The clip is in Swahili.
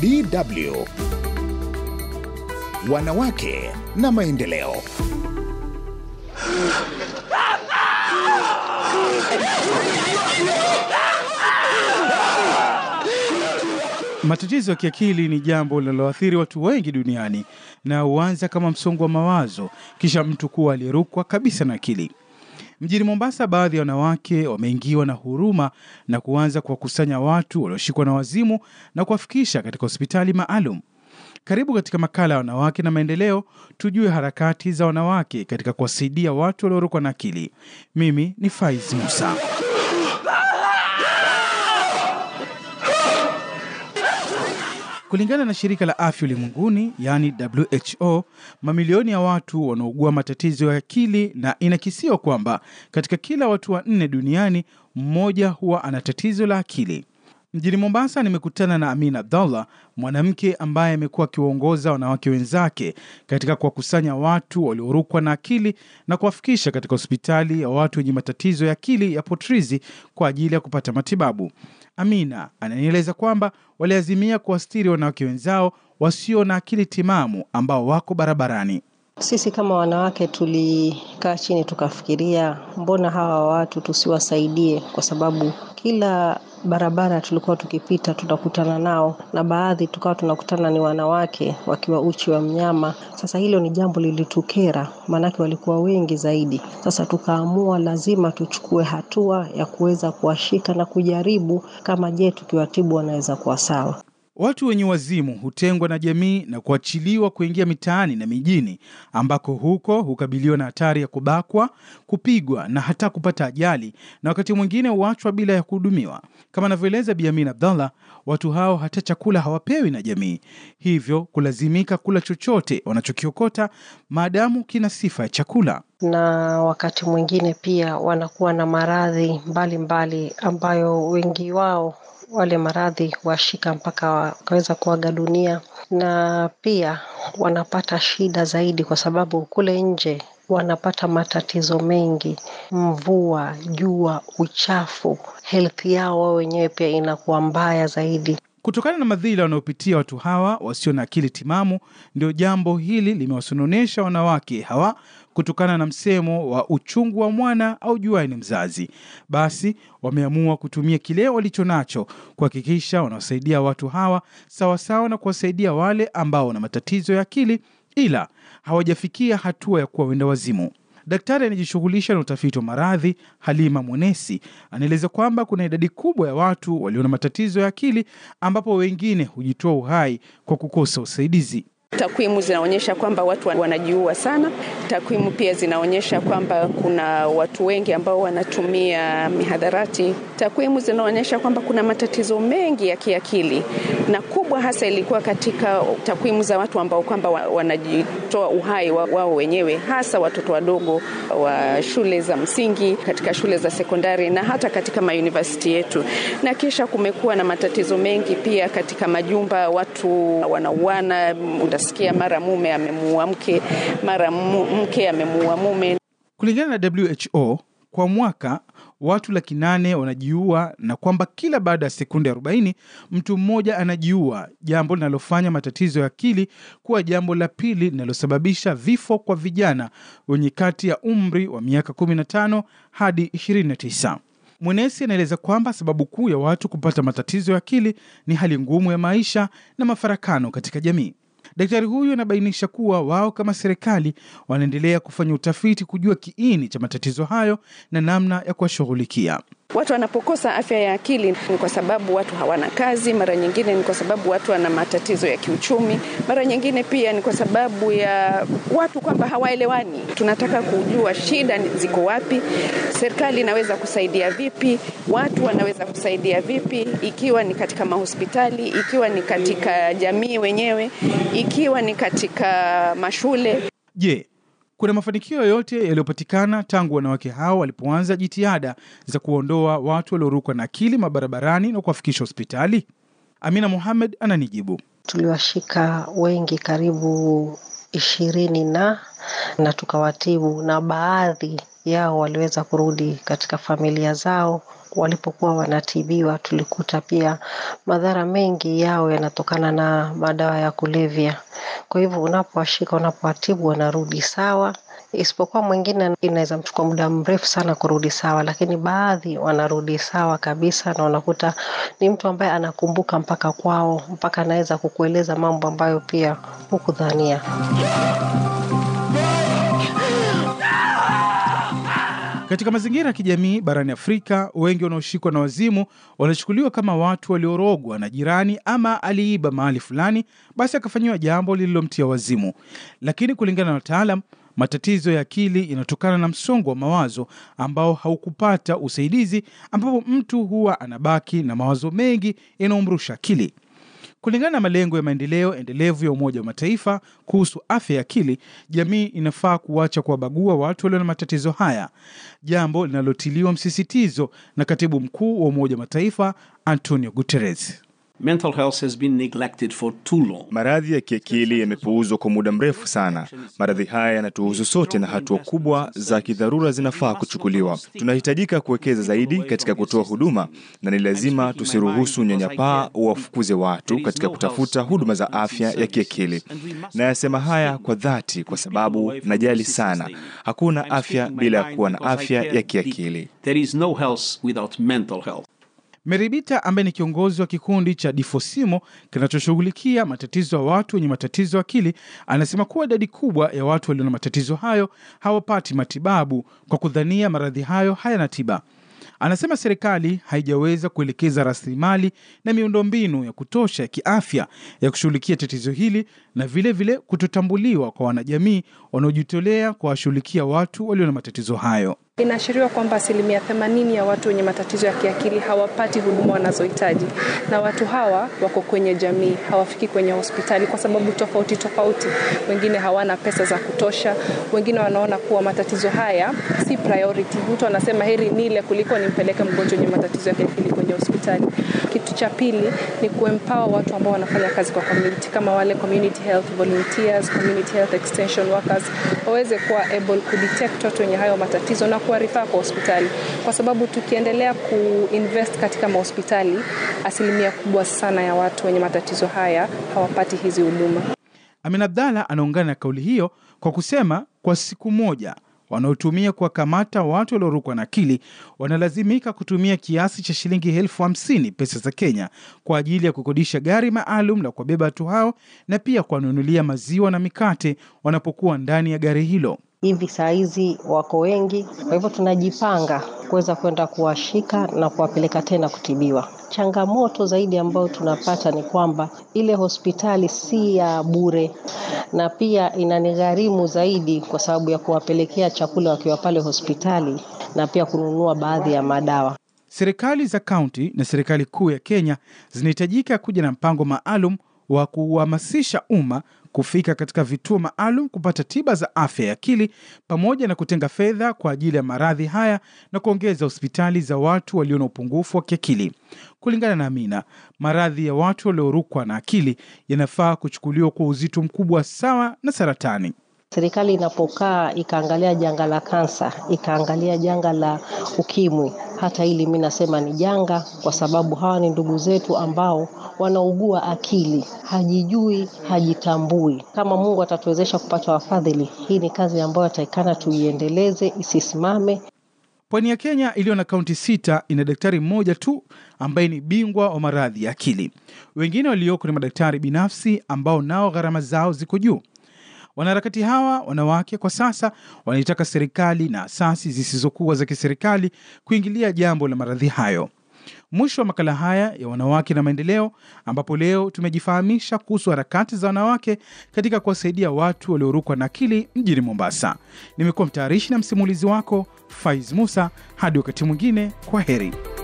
BW. wanawake na maendeleo. Matatizo ya kiakili ni jambo linaloathiri watu wengi duniani na huanza kama msongo wa mawazo, kisha mtu kuwa aliyerukwa kabisa na akili. Mjini Mombasa, baadhi ya wanawake wameingiwa na huruma na kuanza kuwakusanya watu walioshikwa na wazimu na kuwafikisha katika hospitali maalum. Karibu katika makala ya wanawake na maendeleo, tujue harakati za wanawake katika kuwasaidia watu waliorukwa na akili. Mimi ni Faiz Musa. Kulingana na shirika la afya ulimwenguni, yani WHO, mamilioni ya watu wanaugua matatizo ya akili, na inakisiwa kwamba katika kila watu wanne duniani mmoja huwa ana tatizo la akili. Mjini Mombasa nimekutana na Amina Abdallah, mwanamke ambaye amekuwa akiwaongoza wanawake wenzake katika kuwakusanya watu waliorukwa na akili na kuwafikisha katika hospitali ya watu wenye matatizo ya akili ya Potrizi kwa ajili ya kupata matibabu. Amina ananieleza kwamba waliazimia kuwastiri wanawake wenzao wasio na akili timamu ambao wako barabarani. Sisi kama wanawake tulikaa chini tukafikiria, mbona hawa watu tusiwasaidie? Kwa sababu kila barabara tulikuwa tukipita tunakutana nao, na baadhi tukawa tunakutana ni wanawake wakiwa uchi wa mnyama. Sasa hilo ni jambo lilitukera, maanake walikuwa wengi zaidi. Sasa tukaamua lazima tuchukue hatua ya kuweza kuwashika na kujaribu kama je, tukiwatibu wanaweza kuwa sawa. Watu wenye wazimu hutengwa na jamii na kuachiliwa kuingia mitaani na mijini, ambako huko hukabiliwa na hatari ya kubakwa, kupigwa na hata kupata ajali, na wakati mwingine huachwa bila ya kuhudumiwa. Kama anavyoeleza Bi Abdallah, watu hao hata chakula hawapewi na jamii, hivyo kulazimika kula chochote wanachokiokota maadamu kina sifa ya chakula na wakati mwingine pia wanakuwa na maradhi mbalimbali ambayo wengi wao wale maradhi washika mpaka wakaweza kuaga dunia, na pia wanapata shida zaidi kwa sababu kule nje wanapata matatizo mengi, mvua, jua, uchafu. Health yao wao wenyewe pia inakuwa mbaya zaidi. Kutokana na madhila wanayopitia watu hawa wasio na akili timamu, ndio jambo hili limewasononesha wanawake hawa, kutokana na msemo wa uchungu wa mwana au ni mzazi. Basi wameamua kutumia kile walicho nacho kuhakikisha wanawasaidia watu hawa sawasawa na kuwasaidia wale ambao wana matatizo ya akili, ila hawajafikia hatua ya kuwa wenda wazimu Daktari anajishughulisha na utafiti wa maradhi Halima Mwenesi anaeleza kwamba kuna idadi kubwa ya watu walio na matatizo ya akili, ambapo wengine hujitoa uhai kwa kukosa usaidizi. Takwimu zinaonyesha kwamba watu wanajiua sana. Takwimu pia zinaonyesha kwamba kuna watu wengi ambao wanatumia mihadarati. Takwimu zinaonyesha kwamba kuna matatizo mengi ya kiakili, na kubwa hasa ilikuwa katika takwimu za watu ambao kwamba wanajitoa uhai wao wenyewe, hasa watoto wadogo wa shule za msingi, katika shule za sekondari na hata katika mayunivasiti yetu. Na kisha kumekuwa na matatizo mengi pia katika majumba, watu wanauana utasikia mara mume amemuua mke, mara mke amemuua mume. Kulingana na WHO kwa mwaka watu laki nane wanajiua na kwamba kila baada ya sekunde 40 mtu mmoja anajiua, jambo linalofanya matatizo ya akili kuwa jambo la pili linalosababisha vifo kwa vijana wenye kati ya umri wa miaka 15 hadi 29. Mwenesi anaeleza kwamba sababu kuu ya watu kupata matatizo ya akili ni hali ngumu ya maisha na mafarakano katika jamii. Daktari huyu anabainisha kuwa wao kama serikali wanaendelea kufanya utafiti kujua kiini cha matatizo hayo na namna ya kuwashughulikia. Watu wanapokosa afya ya akili ni kwa sababu watu hawana kazi, mara nyingine ni kwa sababu watu wana matatizo ya kiuchumi, mara nyingine pia ni kwa sababu ya watu kwamba hawaelewani. Tunataka kujua shida ziko wapi, serikali inaweza kusaidia vipi, watu wanaweza kusaidia vipi, ikiwa ni katika mahospitali, ikiwa ni katika jamii wenyewe, ikiwa ni katika mashule. Je, yeah. Kuna mafanikio yoyote yaliyopatikana tangu wanawake hao walipoanza jitihada za kuondoa watu waliorukwa na akili mabarabarani na kuwafikisha hospitali? Amina muhamed ananijibu. Tuliwashika wengi karibu ishirini na na tukawatibu, na baadhi yao waliweza kurudi katika familia zao walipokuwa wanatibiwa, tulikuta pia madhara mengi yao yanatokana na madawa ya kulevya. Kwa hivyo unapowashika, unapowatibu, wanarudi sawa, isipokuwa mwingine inaweza mchukua muda mrefu sana kurudi sawa, lakini baadhi wanarudi sawa kabisa, na unakuta ni mtu ambaye anakumbuka mpaka kwao, mpaka anaweza kukueleza mambo ambayo pia hukudhania. Katika mazingira ya kijamii barani Afrika, wengi wanaoshikwa na wazimu wanachukuliwa kama watu waliorogwa na jirani ama aliiba mahali fulani, basi akafanyiwa jambo lililomtia wazimu. Lakini kulingana na wataalam, matatizo ya akili inatokana na msongo wa mawazo ambao haukupata usaidizi, ambapo mtu huwa anabaki na mawazo mengi yanayomrusha akili. Kulingana na malengo ya maendeleo endelevu ya Umoja wa Mataifa kuhusu afya ya akili, jamii inafaa kuacha kuwabagua watu walio na matatizo haya, jambo linalotiliwa msisitizo na katibu mkuu wa Umoja wa Mataifa Antonio Guterres. Mental health has been neglected for too long. Maradhi ya kiakili yamepuuzwa kwa muda mrefu sana. Maradhi haya yanatuhusu sote na hatua kubwa za kidharura zinafaa kuchukuliwa. Tunahitajika kuwekeza zaidi katika kutoa huduma na ni lazima tusiruhusu unyanyapaa uwafukuze watu katika kutafuta huduma za afya ya kiakili. Nayasema haya kwa dhati kwa sababu najali sana. Hakuna afya bila ya kuwa na afya ya kiakili. There is no health without mental health. Meribita ambaye ni kiongozi wa kikundi cha Difosimo kinachoshughulikia matatizo ya watu wenye matatizo akili anasema kuwa idadi kubwa ya watu walio na matatizo hayo hawapati matibabu kwa kudhania maradhi hayo hayana tiba. Anasema serikali haijaweza kuelekeza rasilimali na miundombinu ya kutosha ya kiafya ya kushughulikia tatizo hili na vilevile vile kutotambuliwa kwa wanajamii wanaojitolea kuwashughulikia watu walio na matatizo hayo. Inaashiriwa kwamba asilimia themanini ya watu wenye matatizo ya kiakili hawapati huduma wanazohitaji, na watu hawa wako kwenye jamii, hawafiki kwenye hospitali kwa sababu tofauti tofauti. Wengine hawana pesa za kutosha, wengine wanaona kuwa matatizo haya si priority. Mtu anasema heri nile kuliko nimpeleke mgonjwa wenye matatizo ya kiakili kwenye hospitali. Kitu cha pili ni kuempower watu ambao wanafanya kazi kwa community, kama wale community health volunteers, community health extension workers waweze kuwa able kudetect watu wenye hayo matatizo na kuchukua rifaa kwa hospitali, kwa sababu tukiendelea kuinvest katika mahospitali, asilimia kubwa sana ya watu wenye matatizo haya hawapati hizi huduma. Amin Abdalla anaungana na kauli hiyo kwa kusema kwa siku moja wanaotumia kuwakamata watu waliorukwa na akili wanalazimika kutumia kiasi cha shilingi elfu hamsini pesa za Kenya kwa ajili ya kukodisha gari maalum la kuwabeba watu hao na pia kuwanunulia maziwa na mikate wanapokuwa ndani ya gari hilo hivi hizi wako wengi, kwa hivyo tunajipanga kuweza kwenda kuwashika na kuwapeleka tena kutibiwa. Changamoto zaidi ambayo tunapata ni kwamba ile hospitali si ya bure, na pia inanigharimu zaidi kwa sababu ya kuwapelekea chakula wakiwa pale hospitali na pia kununua baadhi ya madawa. Serikali za kaunti na serikali kuu ya Kenya zinahitajika kuja na mpango maalum wa kuhamasisha umma kufika katika vituo maalum kupata tiba za afya ya akili pamoja na kutenga fedha kwa ajili ya maradhi haya na kuongeza hospitali za watu walio na upungufu wa kiakili. Kulingana na Amina, maradhi ya watu waliorukwa na akili yanafaa kuchukuliwa kwa uzito mkubwa sawa na saratani. Serikali inapokaa ikaangalia janga la kansa, ikaangalia janga la ukimwi, hata hili mi nasema ni janga, kwa sababu hawa ni ndugu zetu ambao wanaugua akili, hajijui, hajitambui. Kama Mungu atatuwezesha kupata wafadhili, hii ni kazi ambayo ataikana tuiendeleze, isisimame. Pwani ya Kenya iliyo na kaunti sita ina daktari mmoja tu ambaye ni bingwa wa maradhi ya akili. Wengine walioko ni madaktari binafsi ambao nao gharama zao ziko juu. Wanaharakati hawa wanawake kwa sasa wanaitaka serikali na asasi zisizokuwa za kiserikali kuingilia jambo la maradhi hayo. Mwisho wa makala haya ya wanawake na maendeleo, ambapo leo tumejifahamisha kuhusu harakati za wanawake katika kuwasaidia watu waliorukwa na akili mjini Mombasa. Nimekuwa mtayarishi na msimulizi wako Faiz Musa. Hadi wakati mwingine, kwa heri.